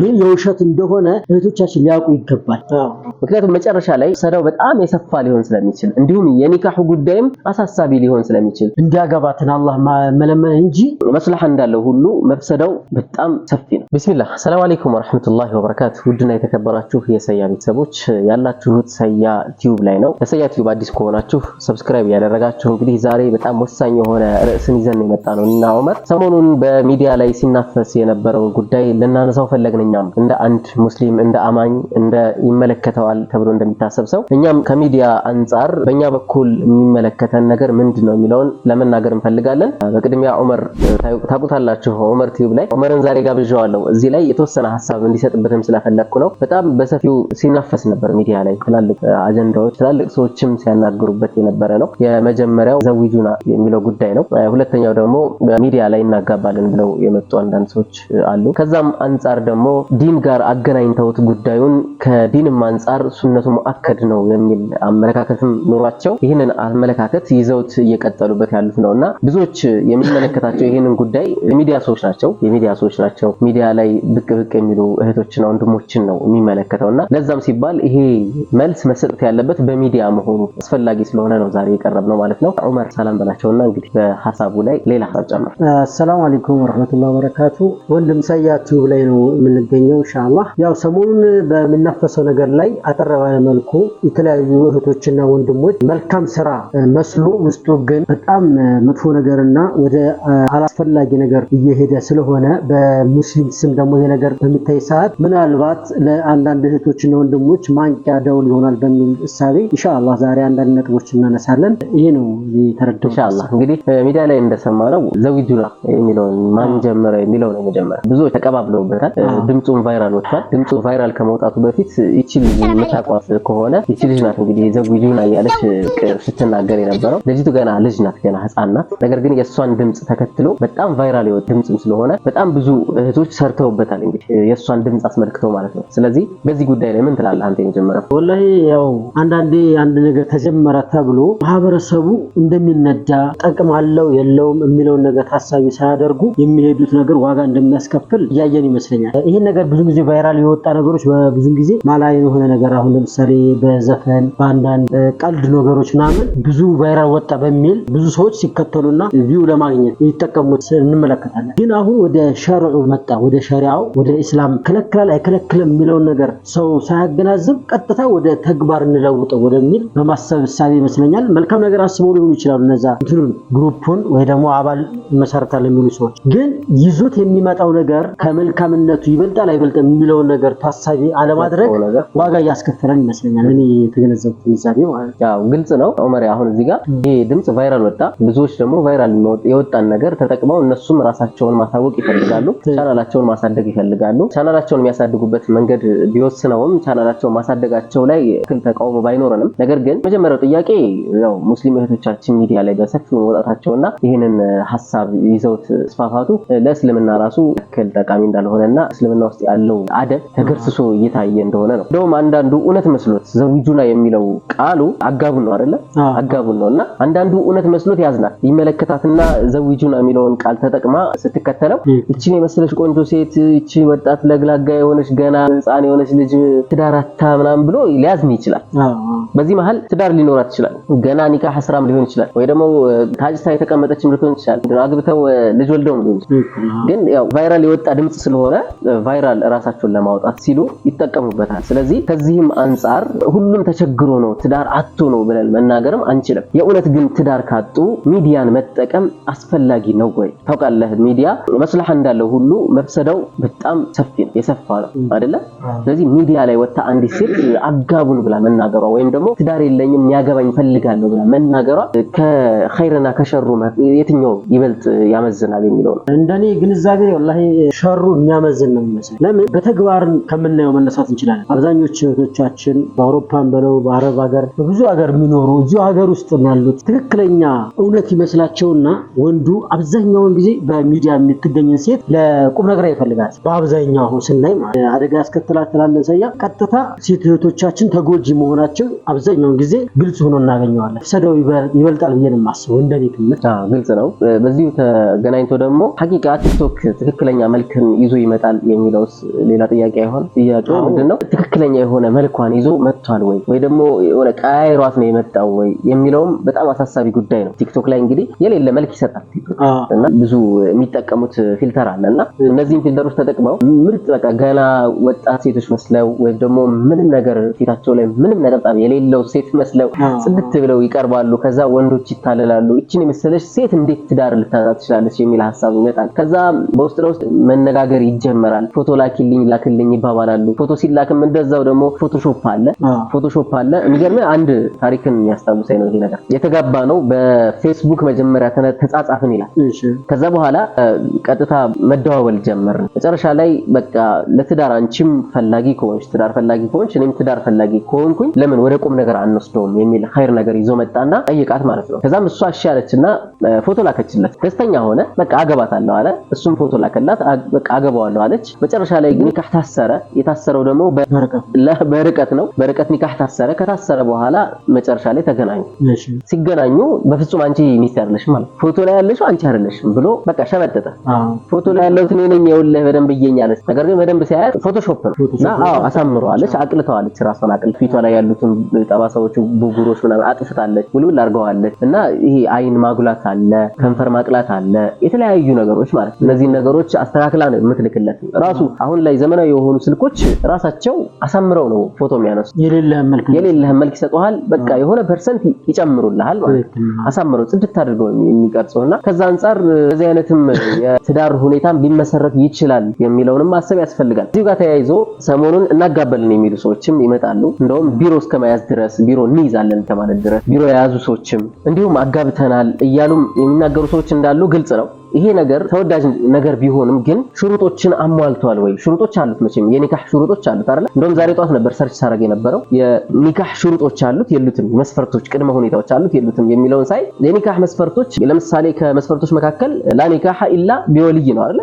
ግን የውሸት እንደሆነ እህቶቻችን ሊያውቁ ይገባል። ምክንያቱም መጨረሻ ላይ ሰዳው በጣም የሰፋ ሊሆን ስለሚችል እንዲሁም የኒካሁ ጉዳይም አሳሳቢ ሊሆን ስለሚችል እንዲያገባትን አላህ መለመን እንጂ መስላሐ እንዳለው ሁሉ መፍሰዳው በጣም ሰፊ ነው። ቢስሚላህ ሰላም አለይኩም ወረሕመቱላሂ ወበረካቱ። ውድና የተከበራችሁ የሰያ ቤተሰቦች ያላችሁት ሰያ ቲዩብ ላይ ነው። ለሰያ ቲዩብ አዲስ ከሆናችሁ ሰብስክራይብ ያደረጋችሁ። እንግዲህ ዛሬ በጣም ወሳኝ የሆነ ርዕስን ይዘን የመጣ ነው እና ዑመር ሰሞኑን በሚዲያ ላይ ሲናፈስ የነበረውን ጉዳይ ልናነሳው ፈለግን። እንደ አንድ ሙስሊም እንደ አማኝ እንደ ይመለከተው ይገባል ተብሎ እንደሚታሰብ ሰው እኛም ከሚዲያ አንጻር በእኛ በኩል የሚመለከተን ነገር ምንድን ነው የሚለውን ለመናገር እንፈልጋለን። በቅድሚያ ዑመር ታውቁታላችሁ፣ ዑመር ቲዩብ ላይ ዑመርን ዛሬ ጋብዣዋለሁ። እዚህ ላይ የተወሰነ ሀሳብ እንዲሰጥበትም ስለፈለግኩ ነው። በጣም በሰፊው ሲናፈስ ነበር ሚዲያ ላይ ትላልቅ አጀንዳዎች፣ ትላልቅ ሰዎችም ሲያናግሩበት የነበረ ነው። የመጀመሪያው ዘዊጁና የሚለው ጉዳይ ነው። ሁለተኛው ደግሞ በሚዲያ ላይ እናጋባለን ብለው የመጡ አንዳንድ ሰዎች አሉ። ከዛም አንጻር ደግሞ ዲን ጋር አገናኝተውት ጉዳዩን ከዲንም አንጻር አንጻር ሱነቱ ሙአከድ ነው የሚል አመለካከትም ኑሯቸው ይህንን አመለካከት ይዘውት እየቀጠሉበት ያሉት ነው እና ብዙዎች የሚመለከታቸው ይህንን ጉዳይ የሚዲያ ሰዎች ናቸው። የሚዲያ ሰዎች ናቸው። ሚዲያ ላይ ብቅ ብቅ የሚሉ እህቶችና ወንድሞችን ነው የሚመለከተው እና ለዛም ሲባል ይሄ መልስ መሰጠት ያለበት በሚዲያ መሆኑ አስፈላጊ ስለሆነ ነው ዛሬ የቀረብ ነው ማለት ነው። ዑመር ሰላም በላቸውና እንግዲህ በሀሳቡ ላይ ሌላ ሀሳብ ጨምር። አሰላሙ አለይኩም ወረህመቱላሂ ወበረካቱ። ወንድም ሰያቱ ላይ ነው የምንገኘው። ኢንሻአላህ ያው ሰሞኑን በምናፈሰው ነገር ላይ አጠር ባለ መልኩ የተለያዩ እህቶችና ወንድሞች መልካም ስራ መስሎ ውስጡ ግን በጣም መጥፎ ነገርና ወደ አላስፈላጊ ነገር እየሄደ ስለሆነ በሙስሊም ስም ደግሞ ይሄ ነገር በሚታይ ሰዓት ምናልባት ለአንዳንድ እህቶችና ወንድሞች ማንቂያ ደውል ይሆናል በሚል እሳቤ ኢንሻአላ ዛሬ አንዳንድ ነጥቦች እናነሳለን። ይሄ ነው የተረዳው። እንግዲህ ሚዲያ ላይ እንደሰማነው ዘዊጁና የሚለውን ማን ጀመረ የሚለው ነው መጀመሪያ ብዙዎች ተቀባብለውበታል። ድምፁን ቫይራል ወጥቷል። ድምፁ ቫይራል ከመውጣቱ በፊት ይችል የምታውቋት ከሆነ ይቺ ልጅ ናት እንግዲህ ዘጉጂውን አያለች ስትናገር የነበረው። ልጅቱ ገና ልጅ ናት፣ ገና ህፃን ናት። ነገር ግን የእሷን ድምፅ ተከትሎ በጣም ቫይራል የወጣ ድምፅም ስለሆነ በጣም ብዙ እህቶች ሰርተውበታል፣ እንግዲህ የእሷን ድምፅ አስመልክቶ ማለት ነው። ስለዚህ በዚህ ጉዳይ ላይ ምን ትላለህ አንተ? የመጀመሪያው ወላሂ ያው አንዳንዴ አንድ ነገር ተጀመረ ተብሎ ማህበረሰቡ እንደሚነዳ ጥቅም አለው የለውም የሚለውን ነገር ታሳቢ ሳያደርጉ የሚሄዱት ነገር ዋጋ እንደሚያስከፍል እያየን ይመስለኛል። ይህን ነገር ብዙ ጊዜ ቫይራል የወጣ ነገሮች ብዙ ጊዜ ማላይ የሆነ ነገር ነገር አሁን ለምሳሌ በዘፈን በአንዳንድ ቀልድ ነገሮች ምናምን ብዙ ቫይራል ወጣ በሚል ብዙ ሰዎች ሲከተሉና ቪው ለማግኘት ይጠቀሙት እንመለከታለን። ግን አሁን ወደ ሸርዑ መጣ። ወደ ሸሪው ወደ ኢስላም ከለክላል አይከለክልም የሚለውን ነገር ሰው ሳያገናዝብ ቀጥታ ወደ ተግባር እንለውጠው ወደሚል በማሰብ እሳቤ ይመስለኛል መልካም ነገር አስበው ሊሆኑ ይችላሉ። እነዛ እንትኑን ግሩፑን ወይ ደግሞ አባል መሰረታል የሚሉ ሰዎች ግን ይዞት የሚመጣው ነገር ከመልካምነቱ ይበልጣል አይበልጥም የሚለውን ነገር ታሳቢ አለማድረግ ዋጋ ያስከፈለን ይመስለኛል። እኔ የተገነዘብኩት ግንዛቤ ማለት ያው ግልጽ ነው። ዑመር አሁን እዚህ ጋር ይሄ ድምጽ ቫይራል ወጣ። ብዙዎች ደግሞ ቫይራል የወጣን ነገር ተጠቅመው እነሱም ራሳቸውን ማሳወቅ ይፈልጋሉ። ቻናላቸውን ማሳደግ ይፈልጋሉ። ቻናላቸውን የሚያሳድጉበት መንገድ ቢወስነውም ቻናላቸውን ማሳደጋቸው ላይ ክል ተቃውሞ ባይኖረንም፣ ነገር ግን መጀመሪያው ጥያቄ ያው ሙስሊም እህቶቻችን ሚዲያ ላይ በሰፊው መውጣታቸውና ይህንን ሀሳብ ይዘውት ስፋፋቱ ለእስልምና ራሱ ክል ጠቃሚ እንዳልሆነና እስልምና ውስጥ ያለው አደብ ተገርስሶ እየታየ እንደሆነ ነው። እንደውም አንዳ አንዳንዱ እውነት መስሎት ዘዊጁና የሚለው ቃሉ አጋቡን ነው አይደለ? አጋቡን ነው እና አንዳንዱ እውነት መስሎት ያዝናል። ይመለከታትና ዘዊጁና የሚለውን ቃል ተጠቅማ ስትከተለው እችን የመሰለች ቆንጆ ሴት፣ እቺ ወጣት ለግላጋ የሆነች ገና ህፃን የሆነች ልጅ ትዳር አታ ምናምን ብሎ ሊያዝን ይችላል። በዚህ መሀል ትዳር ሊኖራት ይችላል። ገና ኒካ ሐስራም ሊሆን ይችላል። ወይ ደግሞ ታጭታ የተቀመጠችም ልትሆን ይችላል። አግብተው ልጅ ወልደውም ሊሆን ይችላል። ግን ያው ቫይራል የወጣ ድምፅ ስለሆነ ቫይራል እራሳቸውን ለማውጣት ሲሉ ይጠቀሙበታል። ስለዚህ ከዚህ ከዚህም አንጻር ሁሉም ተቸግሮ ነው ትዳር አቶ ነው ብለን መናገርም አንችልም። የእውነት ግን ትዳር ካጡ ሚዲያን መጠቀም አስፈላጊ ነው ወይ? ታውቃለህ ሚዲያ መስላህ እንዳለው ሁሉ መፍሰዳው በጣም ሰፊ ነው፣ የሰፋ ነው አደለ? ስለዚህ ሚዲያ ላይ ወጣ አንዲት ሴት አጋቡን ብላ መናገሯ ወይም ደግሞ ትዳር የለኝም ያገባኝ ፈልጋለሁ ብላ መናገሯ ከኸይርና ከሸሩ የትኛው ይበልጥ ያመዝናል የሚለው ነው። እንደኔ ግንዛቤ ወላሂ ሸሩ የሚያመዝን ነው የሚመስለኝ። ለምን በተግባር ከምናየው መነሳት እንችላለን። አብዛኞች ወዳጆቻችን በአውሮፓን በለው በአረብ ሀገር በብዙ ሀገር የሚኖሩ እዚሁ ሀገር ውስጥ ያሉት ትክክለኛ እውነት ይመስላቸውና ወንዱ አብዛኛውን ጊዜ በሚዲያ የምትገኝን ሴት ለቁም ነገር ይፈልጋል። በአብዛኛው ስናይ አደጋ ያስከትላል ትላለን ሰያ ቀጥታ ሴት እህቶቻችን ተጎጂ መሆናቸው አብዛኛውን ጊዜ ግልጽ ሆኖ እናገኘዋለን። ሰደው ይበልጣል ብዬ ማስበው የማስበው። እንደኔ ግምት ግልጽ ነው። በዚሁ ተገናኝቶ ደግሞ ሀቂቃ ቲክቶክ ትክክለኛ መልክን ይዞ ይመጣል የሚለውስ ሌላ ጥያቄ አይሆን? ጥያቄው ምንድን ነው? ትክክለኛ የሆነ መልኳን ይዞ መጥቷል ወይ ወይ ደግሞ የሆነ ቀያይሯት ነው የመጣው ወይ የሚለውም በጣም አሳሳቢ ጉዳይ ነው። ቲክቶክ ላይ እንግዲህ የሌለ መልክ ይሰጣል እና ብዙ የሚጠቀሙት ፊልተር አለ እና እነዚህም ፊልተሮች ተጠቅመው ምርጥ በቃ ገና ወጣት ሴቶች መስለው ወይም ደግሞ ምንም ነገር ፊታቸው ላይ ምንም ነጠብጣብ የሌለው ሴት መስለው ጽድት ብለው ይቀርባሉ። ከዛ ወንዶች ይታለላሉ። እችን የመሰለች ሴት እንዴት ትዳር ልታጣ ትችላለች የሚል ሀሳብ ይመጣል። ከዛ በውስጥ ለውስጥ መነጋገር ይጀመራል። ፎቶ ላኪልኝ ላክልኝ ይባባላሉ። ፎቶ ሲላክም እንደዛው ደግሞ ፎቶሾፕ አለ ፎቶሾፕ አለ። የሚገርምህ አንድ ታሪክን የሚያስታውስ ነው ይሄ ነገር። የተጋባ ነው በፌስቡክ መጀመሪያ ተጻጻፍን ይላል። ከዛ በኋላ ቀጥታ መደዋወል ጀመርን። መጨረሻ ላይ በቃ ለትዳር አንቺም ፈላጊ ከሆንሽ ትዳር ፈላጊ ከሆንሽ እኔም ትዳር ፈላጊ ከሆንኩኝ ለምን ወደ ቁም ነገር አንወስደውም የሚል ሀይር ነገር ይዞ መጣና ጠይቃት ማለት ነው። ከዛም እሷ እሺ አለችና ፎቶ ላከችለት። ደስተኛ ሆነ። በቃ አገባታለሁ አለ። እሱም ፎቶ ላከላት። በቃ አገባዋለሁ አለች። መጨረሻ ላይ ግን ካህ ታሰረ። የታሰረው ደግሞ በርቀት ነው። በርቀት ኒካህ ታሰረ። ከታሰረ በኋላ መጨረሻ ላይ ተገናኙ። ሲገናኙ በፍጹም አንቺ ሚስት አይደለሽ ማለት ፎቶ ላይ ያለሽው አንቺ አይደለሽም ብሎ በቃ ሸመጠጠ። ፎቶ ላይ ያለሁት እኔ ነኝ የውልህ በደንብ እየኛለች። ነገር ግን በደንብ ሲያያት ፎቶሾፕ ነው እና አዎ አሳምረዋለች፣ አቅልተዋለች። ራሷን አቅል ፊቷ ላይ ያሉትን ጠባሳዎቹ ቡጉሮች ምናምን አጥፍታለች፣ ውልውል አድርገዋለች። እና ይሄ አይን ማጉላት አለ፣ ከንፈር ማቅላት አለ፣ የተለያዩ ነገሮች ማለት እነዚህ ነገሮች አስተካክላ ነው የምትልክለት ራሱ አሁን ላይ ዘመናዊ የሆኑ ስልኮች ራሳቸው አሳምረው ነው ፎቶ የሚያነሱ የሌለህን መልክ ይሰጡሃል። በቃ የሆነ ፐርሰንት ይጨምሩልሃል ማለት አሳምረው ጽድት አድርገው እና ከዛ አንጻር በዚህ አይነትም የትዳር ሁኔታም ሊመሰረት ይችላል የሚለውንም ማሰብ ያስፈልጋል። እዚሁ ጋር ተያይዞ ሰሞኑን እናጋበልን የሚሉ ሰዎችም ይመጣሉ። እንደውም ቢሮ እስከ መያዝ ድረስ ቢሮ እንይዛለን ከማለት ድረስ ቢሮ የያዙ ሰዎችም እንዲሁም አጋብተናል እያሉም የሚናገሩ ሰዎች እንዳሉ ግልጽ ነው። ይሄ ነገር ተወዳጅ ነገር ቢሆንም ግን ሽሩጦችን አሟልቷል ወይ? ሽሩጦች አሉት መቼም የኒካህ ሽሩጦች አሉት አይደል? እንደውም ዛሬ ጠዋት ነበር ሰርች ሳረግ የነበረው የኒካህ ሽሩጦች አሉት የሉትም፣ መስፈርቶች ቅድመ ሁኔታዎች አሉት የሉትም የሚለውን ሳይ የኒካህ መስፈርቶች ለምሳሌ ከመስፈርቶች መካከል ላኒካሃ ኢላ ቢወልይ ነው አይደል?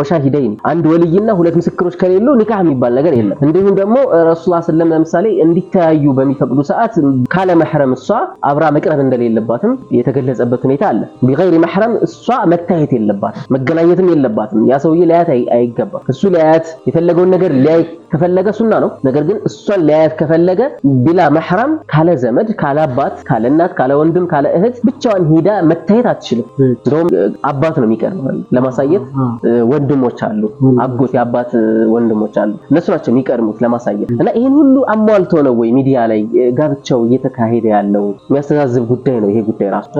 ወሻሂደይን አንድ ወልይና ሁለት ምስክሮች ከሌሉ ኒካህ የሚባል ነገር የለም። እንዲሁም ደግሞ ረሱል ሰለም ለምሳሌ እንዲተያዩ በሚፈቅዱ ሰዓት ካለ መህረም እሷ አብራ መቅረብ እንደሌለባትም የተገለጸበት ሁኔታ አለ። ቢገይሪ መህረም እሷ መታየት የለባትም፣ መገናኘትም የለባትም። ያ ሰውዬ ሊያያት አይገባም። እሱ ሊያያት የፈለገውን ነገር ሊያይ ከፈለገ ሱና ነው። ነገር ግን እሷን ሊያያት ከፈለገ ቢላ መሕራም፣ ካለ ዘመድ፣ ካለ አባት፣ ካለ እናት፣ ካለ ወንድም፣ ካለ እህት ብቻዋን ሄዳ መታየት አትችልም። እንደውም አባት ነው የሚቀርበው ለማሳየት። ወንድሞች አሉ፣ አጎት የአባት ወንድሞች አሉ፣ እነሱ ናቸው የሚቀርሙት ለማሳየት እና ይህን ሁሉ አሟልቶ ነው ወይ ሚዲያ ላይ ጋብቻው እየተካሄደ ያለው? የሚያስተዛዝብ ጉዳይ ነው ይሄ ጉዳይ ራሱ።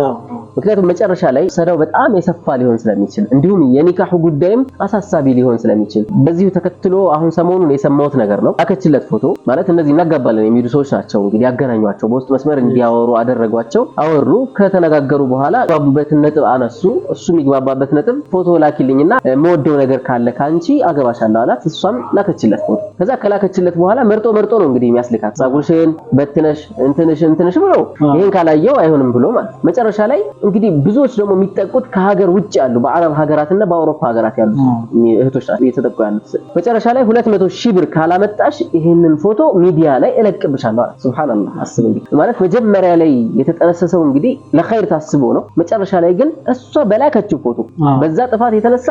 ምክንያቱም መጨረሻ ላይ ሰዳው በጣም የሰፋ ሊሆን ስለሚችል እንዲሁም የኒካሁ ጉዳይም አሳሳቢ ሊሆን ስለሚችል በዚሁ ተከትሎ አሁን ሰሞኑን የሰማሁት ነገር ነው። አከችለት ፎቶ ማለት እነዚህ እናጋባለን የሚሉ ሰዎች ናቸው እንግዲህ ያገናኟቸው፣ በውስጥ መስመር እንዲያወሩ አደረጓቸው። አወሩ። ከተነጋገሩ በኋላ ግባቡበትን ነጥብ አነሱ። እሱ የሚግባባበት ነጥብ ፎቶ ላኪልኝና መወደው ነገር ካለ ከአንቺ አገባሻለሁ አላት። እሷም ላከችለት ፎቶ። ከዛ ከላከችለት በኋላ መርጦ መርጦ ነው እንግዲህ የሚያስልካት ጸጉርሽን በትነሽ እንትንሽ እንትንሽ ብሎ ይህን ካላየው አይሆንም ብሎ ማለት መጨረሻ ላይ እንግዲህ ብዙዎች ደግሞ የሚጠቁት ከሀገር ውጭ ውጭ ያሉ በአረብ ሀገራት እና በአውሮፓ ሀገራት ያሉ እህቶች ናቸው እየተጠቁ ያሉት። መጨረሻ ላይ 200 ሺህ ብር ካላመጣሽ ይህንን ፎቶ ሚዲያ ላይ እለቅብሻለሁ አለ። ሱብሃንአላህ አስብ እንግዲህ ማለት መጀመሪያ ላይ የተጠነሰሰው እንግዲህ ለኸይር ታስቦ ነው። መጨረሻ ላይ ግን እሷ በላከችው ፎቶ በዛ ጥፋት የተነሳ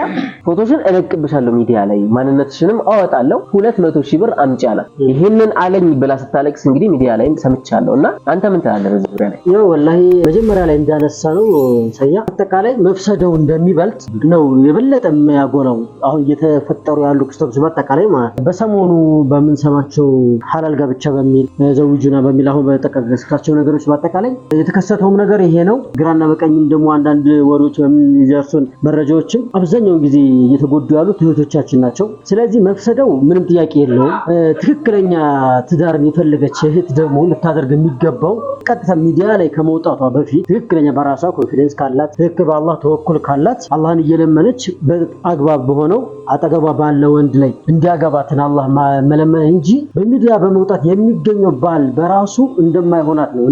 ፎቶሽን እለቅብሻለሁ ሚዲያ ላይ ማንነትሽንም አወጣለሁ 200 ሺህ ብር አምጪ አላት። ይህንን አለኝ ብላ ስታለቅስ እንግዲህ ሚዲያ ላይ ሰምቻለሁ እና አንተ ምን ትላለህ በዚህ ዙሪያ ላይ? ያው ወላሂ መጀመሪያ ላይ እንዳነሳ ነው ሰያ አጠቃላይ መፍሰደውን እንደሚበልጥ ነው የበለጠ የሚያጎላው አሁን እየተፈጠሩ ያሉ ክስተቶች በአጠቃላይ ማለት ነው። በሰሞኑ በምንሰማቸው ሀላል ጋብቻ በሚል ዘውጁና በሚል አሁን በጠቀስካቸው ነገሮች በአጠቃላይ የተከሰተውም ነገር ይሄ ነው። ግራና በቀኝም ደግሞ አንዳንድ ወሬዎች በሚደርሱን መረጃዎችም አብዛኛውን ጊዜ እየተጎዱ ያሉት እህቶቻችን ናቸው። ስለዚህ መፍሰደው ምንም ጥያቄ የለውም። ትክክለኛ ትዳርን የፈለገች እህት ደግሞ ልታደርግ የሚገባው ቀጥታ ሚዲያ ላይ ከመውጣቷ በፊት ትክክለኛ በራሷ ኮንፊደንስ ካላት ትክክል በአላህ ተወኩል ካላት ስላላት አላህን እየለመነች በአግባብ በሆነው አጠገቧ ባለ ወንድ ላይ እንዲያገባትን አላህ መለመን እንጂ በሚዲያ በመውጣት የሚገኘው ባል በራሱ እንደማይሆናት ነው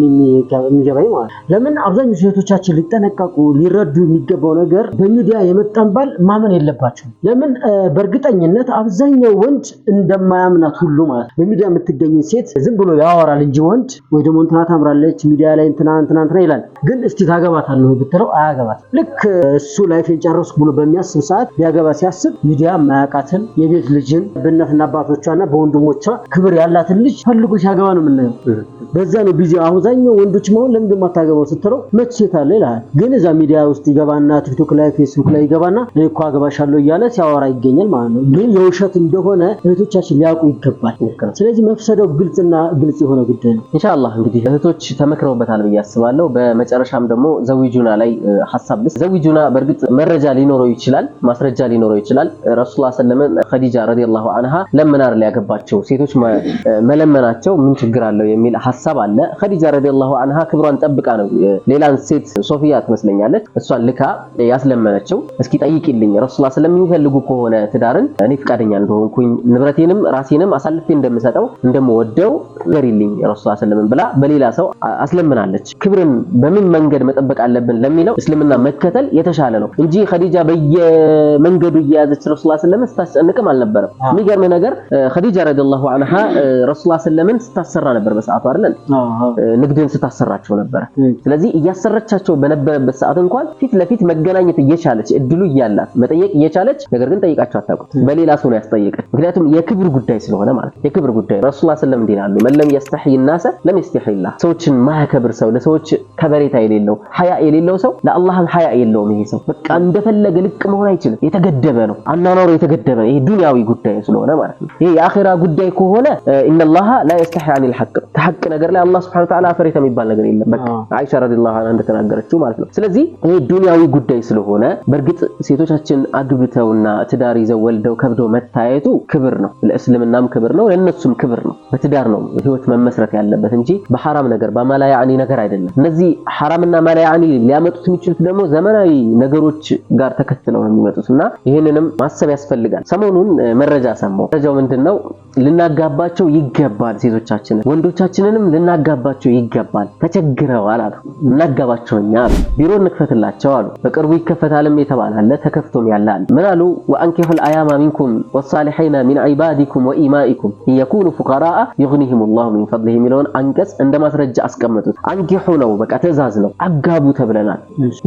የሚገባኝ ማለት ለምን አብዛኞቹ ሴቶቻችን ሊጠነቀቁ ሊረዱ የሚገባው ነገር በሚዲያ የመጣን ባል ማመን የለባቸው። ለምን በእርግጠኝነት አብዛኛው ወንድ እንደማያምናት ሁሉ ማለት ነው። በሚዲያ የምትገኝ ሴት ዝም ብሎ ያወራል እንጂ ወንድ ወይ ደግሞ እንትና ታምራለች ሚዲያ ላይ እንትና እንትና እንትና ይላል። ግን እስቲ ታገባታለህ ብትለው አያገባት። ልክ እሱ ላይፌን ጨረስኩ ብሎ በሚያስብ ሰዓት ሊያገባ ሲያስብ ሚዲያ ማያውቃትን የቤት ልጅን በእናትና አባቶቿና በወንድሞቿ ክብር ያላትን ልጅ ፈልጎ ሲያገባ ነው የምናየው። በዛ ነው ቢዚ አብዛኛው ወንዶች መሆን ለምን ማታገበው የማታገባው ስትለው መች ሴት አለ ይልሃል። ግን እዛ ሚዲያ ውስጥ ይገባና ቲክቶክ ላይ ፌስቡክ ላይ ይገባና እኔ እኮ አገባሻለሁ እያለ ሲያወራ ይገኛል ማለት ነው። ግን የውሸት እንደሆነ እህቶቻችን ሊያውቁ ይገባል። ስለዚህ መፍሰደው ግልጽና ግልጽ የሆነ ጉዳይ ነው። እንሻላ እንግዲህ እህቶች ተመክረውበታል ብዬ አስባለሁ። በመጨረሻም ደግሞ ዘዊጁና ላይ ሀሳብ ልስ ዘዊጁና በእርግጥ መረጃ ሊኖረው ይችላል፣ ማስረጃ ሊኖረው ይችላል። ረሱላ ሰለላሁ ከዲጃ ረዲየላሁ አንሃ ለምናር ሊያገባቸው ሴቶች መለመናቸው ምን ችግር አለው የሚል ሀሳብ አለ። ኸዲጃ ረዲየላሁ አንሃ ክብሯን ጠብቃ ነው ሌላን ሴት ሶፊያ ትመስለኛለች፣ እሷን ልካ ያስለመነችው እስኪ ጠይቂልኝ ረሱላ ስለሚፈልጉ ከሆነ ትዳርን እኔ ፍቃደኛ እንደሆንኩኝ ንብረቴንም ራሴንም አሳልፌ እንደምሰጠው እንደምወደው ንገሪልኝ ረሱላ ስለምን ብላ በሌላ ሰው አስለምናለች። ክብርን በምን መንገድ መጠበቅ አለብን ለሚለው እስልምና መከተል የተሻለ ነው እንጂ ኸዲጃ በየመንገዱ እየያዘች ረሱላ ስለምን ስታስጨንቅም አልነበረም። የሚገርም ነገር ኸዲጃ ረዲየላሁ አንሃ ረሱላ ስለምን ስታሰራ ነበር በሰዓቱ አይደል አይደለም ንግድን ስታሰራቸው ነበረ። ስለዚህ እያሰረቻቸው በነበረበት ሰዓት እንኳን ፊት ለፊት መገናኘት እየቻለች እድሉ እያላት መጠየቅ እየቻለች ነገር ግን ጠይቃቸው አታውቁት። በሌላ ሰው ነው ያስጠየቀች። ምክንያቱም የክብር ጉዳይ ስለሆነ ማለት የክብር ጉዳይ ነው። ረሱላ ስለም እንዲህ ይላሉ፣ መለም የስተሒ ናሰ ለም የስተሕይላህ። ሰዎችን ማያከብር ሰው፣ ለሰዎች ከበሬታ የሌለው ሀያ የሌለው ሰው ለአላህም ሀያ የለውም። ይሄ ሰው በቃ እንደፈለገ ልቅ መሆን አይችልም። የተገደበ ነው አናኖሩ፣ የተገደበ ነው። ይሄ ዱንያዊ ጉዳይ ስለሆነ ማለት ነው። ይሄ የአኺራ ጉዳይ ከሆነ ኢነላህ ላ የስተሒ አኒል ሐቅ ነገር ላይ አላህ ሱብሓነሁ ወተዓላ አፈር የሚባል ነገር የለም። በቃ አይሻ ረዲየላሁ ዐንሃ እንደተናገረችው ማለት ነው። ስለዚህ ይሄ ዱንያዊ ጉዳይ ስለሆነ በእርግጥ ሴቶቻችን አግብተውና ትዳር ይዘው ወልደው ከብደው መታየቱ ክብር ነው፣ ለእስልምናም ክብር ነው፣ ለእነሱም ክብር ነው። በትዳር ነው ህይወት መመስረት ያለበት እንጂ በሐራም ነገር በማላያኒ ነገር አይደለም። እነዚህ ሐራምና ማላያኒ ሊያመጡት የሚችሉት ደግሞ ዘመናዊ ነገሮች ጋር ተከትለው ነው የሚመጡት እና ይህንንም ማሰብ ያስፈልጋል። ሰሞኑን መረጃ ሰማሁ። መረጃው ምንድን ነው? ልናጋባቸው ይገባል ሴቶቻችንን ወንዶቻችንንም ልናጋባቸው ይገባል፣ ተቸግረዋል አሉ። እናጋባቸውኛ አሉ። ቢሮ እንክፈትላቸው አሉ። በቅርቡ ይከፈታልም የተባላለ ተከፍቶም ያለ አለ። ምን አሉ? ወአንኪሑል አያማ ሚንኩም ወሳሊሒና ሚን ዒባዲኩም ወኢማኢኩም እየኩኑ ፉቀራአ ዩግኒሂሙ ላሁ ሚን ፈድሊህ የሚለውን አንቀጽ እንደ ማስረጃ አስቀመጡት። አንኪሑ ነው፣ በቃ ትእዛዝ ነው። አጋቡ ተብለናል።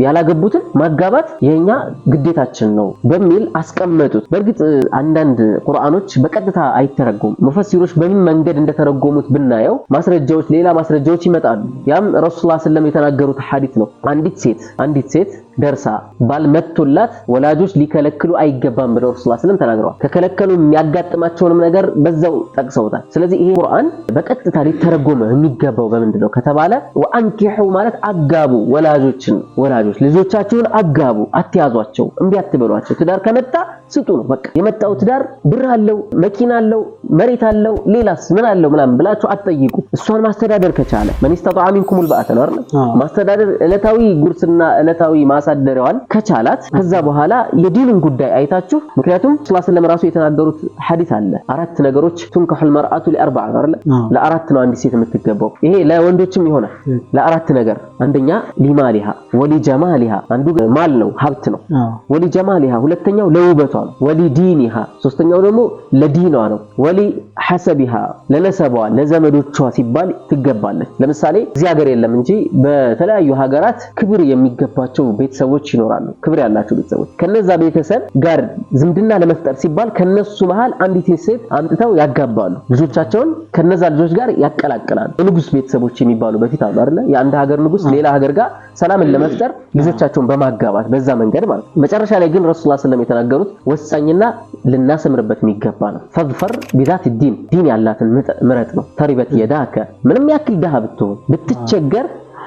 ያላገቡትን ማጋባት የእኛ ግዴታችን ነው በሚል አስቀመጡት። በእርግጥ አንዳንድ ቁርአኖች በቀጥታ አይተረጎም። ሙፈሲሮች በምን መንገድ እንደተረጎሙት ብናየው ማስረጃ ማስረጃዎች ሌላ ማስረጃዎች ይመጣሉ። ያም ረሱል ሰለላሁ ዐለይሂ ወሰለም የተናገሩት ሐዲስ ነው። አንዲት ሴት አንዲት ሴት ደርሳ ባል መጥቶላት ወላጆች ሊከለክሉ አይገባም ብለው ረሱል ሰለላሁ ተናግረዋል። ከከለከሉ የሚያጋጥማቸውንም ነገር በዛው ጠቅሰውታል። ስለዚህ ይሄ ቁርአን በቀጥታ ሊተረጎመ የሚገባው በምንድን ነው ከተባለ ወአንኪሑ ማለት አጋቡ፣ ወላጆችን ወላጆች ልጆቻችሁን አጋቡ፣ አትያዟቸው፣ እምቢ አትበሏቸው። ትዳር ከመጣ ስጡ ነው በቃ። የመጣው ትዳር ብር አለው፣ መኪና አለው፣ መሬት አለው፣ ሌላስ ምን አለው ምናምን ብላችሁ አትጠይቁ። እሷን ማስተዳደር ከቻለ መን ኢስተጣዐ ሚንኩሙል ባአተ ነው ማስተዳደር ዕለታዊ ጉርስና ዕለታዊ ማሳ ያሳደረዋል ከቻላት። ከዛ በኋላ የዲልን ጉዳይ አይታችሁ ምክንያቱም ስላ ስለም ራሱ የተናገሩት ሐዲስ አለ። አራት ነገሮች ቱንካሑል መርአቱ ለአርባ አለ፣ ለአራት ነው አንዲት ሴት የምትገባው። ይሄ ለወንዶችም ይሆናል ለአራት ነገር። አንደኛ ሊማሊሃ ወሊጀማሊሃ፣ አንዱ ማል ነው ሀብት ነው። ወሊጀማሊሃ ሁለተኛው ለውበቷ ነው። ወሊዲኒሃ ሶስተኛው ደግሞ ለዲኗ ነው። ወሊ ሐሰቢሃ ለነሰቧ ለዘመዶቿ ሲባል ትገባለች። ለምሳሌ እዚህ ሀገር የለም እንጂ በተለያዩ ሀገራት ክብር የሚገባቸው ቤተሰብ ቤተሰቦች ይኖራሉ፣ ክብር ያላቸው ቤተሰቦች። ከነዛ ቤተሰብ ጋር ዝምድና ለመፍጠር ሲባል ከነሱ መሃል አንዲት ሴት አምጥተው ያጋባሉ። ልጆቻቸውን ከነዛ ልጆች ጋር ያቀላቅላሉ። የንጉስ ቤተሰቦች የሚባሉ በፊት አሉ አይደለ? የአንድ ሀገር ንጉስ ሌላ ሀገር ጋር ሰላምን ለመፍጠር ልጆቻቸውን በማጋባት በዛ መንገድ ማለት ነው። መጨረሻ ላይ ግን ረሱላ ስለም የተናገሩት ወሳኝና ልናሰምርበት የሚገባ ነው። ፈዝፈር ቢዛት ዲን ዲን ያላትን ምረጥ ነው። ተሪበት የዳከ ምንም ያክል ድሃ ብትሆን ብትቸገር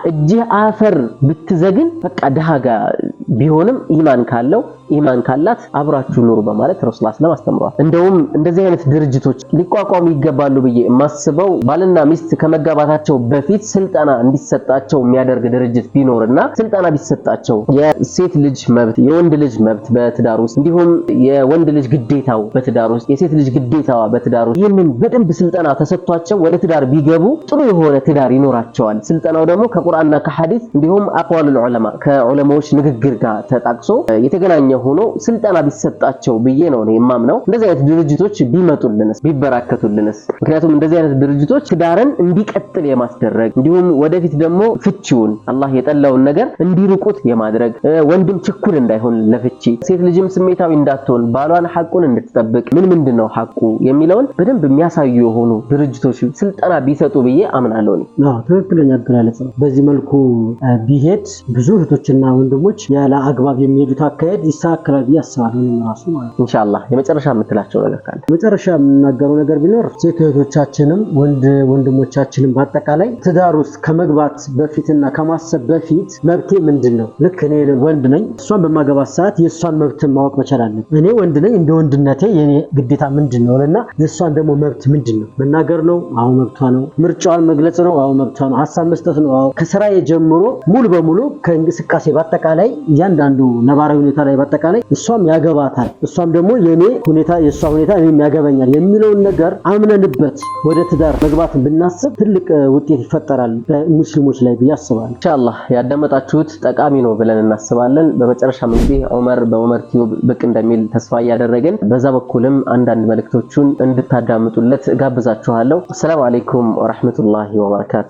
እጅህ አፈር ብትዘግን በቃ ድሃ ጋር ቢሆንም ኢማን ካለው ኢማን ካላት አብራችሁ ኑሩ በማለት ረሱል ሰለላሁ አስተምሯል። እንደውም እንደዚህ አይነት ድርጅቶች ሊቋቋሙ ይገባሉ ብዬ የማስበው ባልና ሚስት ከመጋባታቸው በፊት ስልጠና እንዲሰጣቸው የሚያደርግ ድርጅት ቢኖርና ስልጠና ቢሰጣቸው የሴት ልጅ መብት፣ የወንድ ልጅ መብት በትዳር ውስጥ እንዲሁም የወንድ ልጅ ግዴታው በትዳር ውስጥ፣ የሴት ልጅ ግዴታዋ በትዳር ውስጥ ይህንን በደንብ ስልጠና ተሰጥቷቸው ወደ ትዳር ቢገቡ ጥሩ የሆነ ትዳር ይኖራቸዋል። ስልጠናው ደግሞ ከቁርአንና ከሐዲስ እንዲሁም አቅዋሉል ዑለማ ከዑለማዎች ንግግር ችግር ጋር ተጣቅሶ የተገናኘ ሆኖ ስልጠና ቢሰጣቸው ብዬ ነው እኔ የማምነው። እንደዚህ አይነት ድርጅቶች ቢመጡልንስ ቢበራከቱልንስ። ምክንያቱም እንደዚህ አይነት ድርጅቶች ትዳርን እንዲቀጥል የማስደረግ እንዲሁም ወደፊት ደግሞ ፍቺውን አላህ የጠላውን ነገር እንዲርቁት የማድረግ ወንድም ችኩል እንዳይሆን ለፍቺ ሴት ልጅም ስሜታዊ እንዳትሆን ባሏን ሐቁን እንድትጠብቅ ምን ምንድን ነው ሐቁ የሚለውን በደንብ የሚያሳዩ የሆኑ ድርጅቶች ስልጠና ቢሰጡ ብዬ አምናለሁ። ትክክለኛ አገላለጽ ነው። በዚህ መልኩ ቢሄድ ብዙ እህቶችና ወንድሞች ያለ አግባብ የሚሄዱት አካሄድ ይስተካከላል ብዬ አስባለሁ። ራሱ ማለት ኢንሻላህ የመጨረሻ የምትላቸው ነገር ካለ መጨረሻ የምናገረው ነገር ቢኖር ሴት እህቶቻችንም ወንድ ወንድሞቻችንም በአጠቃላይ ትዳር ውስጥ ከመግባት በፊትና ከማሰብ በፊት መብቴ ምንድን ነው? ልክ እኔ ወንድ ነኝ፣ እሷን በማገባት ሰዓት የእሷን መብትን ማወቅ መቻል አለን። እኔ ወንድ ነኝ፣ እንደ ወንድነቴ የኔ ግዴታ ምንድን ነው እና የእሷን ደግሞ መብት ምንድን ነው? መናገር ነው? አዎ መብቷ ነው። ምርጫዋን መግለጽ ነው? አዎ መብቷ ነው። ሀሳብ መስጠት ነው? አዎ ከስራ ጀምሮ ሙሉ በሙሉ ከእንቅስቃሴ በአጠቃላይ እያንዳንዱ ነባራዊ ሁኔታ ላይ በአጠቃላይ እሷም ያገባታል፣ እሷም ደግሞ የኔ ሁኔታ የእሷ ሁኔታ እኔም ያገበኛል የሚለውን ነገር አምነንበት ወደ ትዳር መግባት ብናስብ ትልቅ ውጤት ይፈጠራል በሙስሊሞች ላይ ብዬ አስባለሁ። ኢንሻአላህ ያዳመጣችሁት ጠቃሚ ነው ብለን እናስባለን። በመጨረሻም እንግዲህ ዑመር በዑመር ቲዩብ ብቅ እንደሚል ተስፋ እያደረግን በዛ በኩልም አንዳንድ መልእክቶቹን እንድታዳምጡለት ጋብዛችኋለሁ። አሰላሙ አሌይኩም ወራህመቱላሂ ወበረካቱ።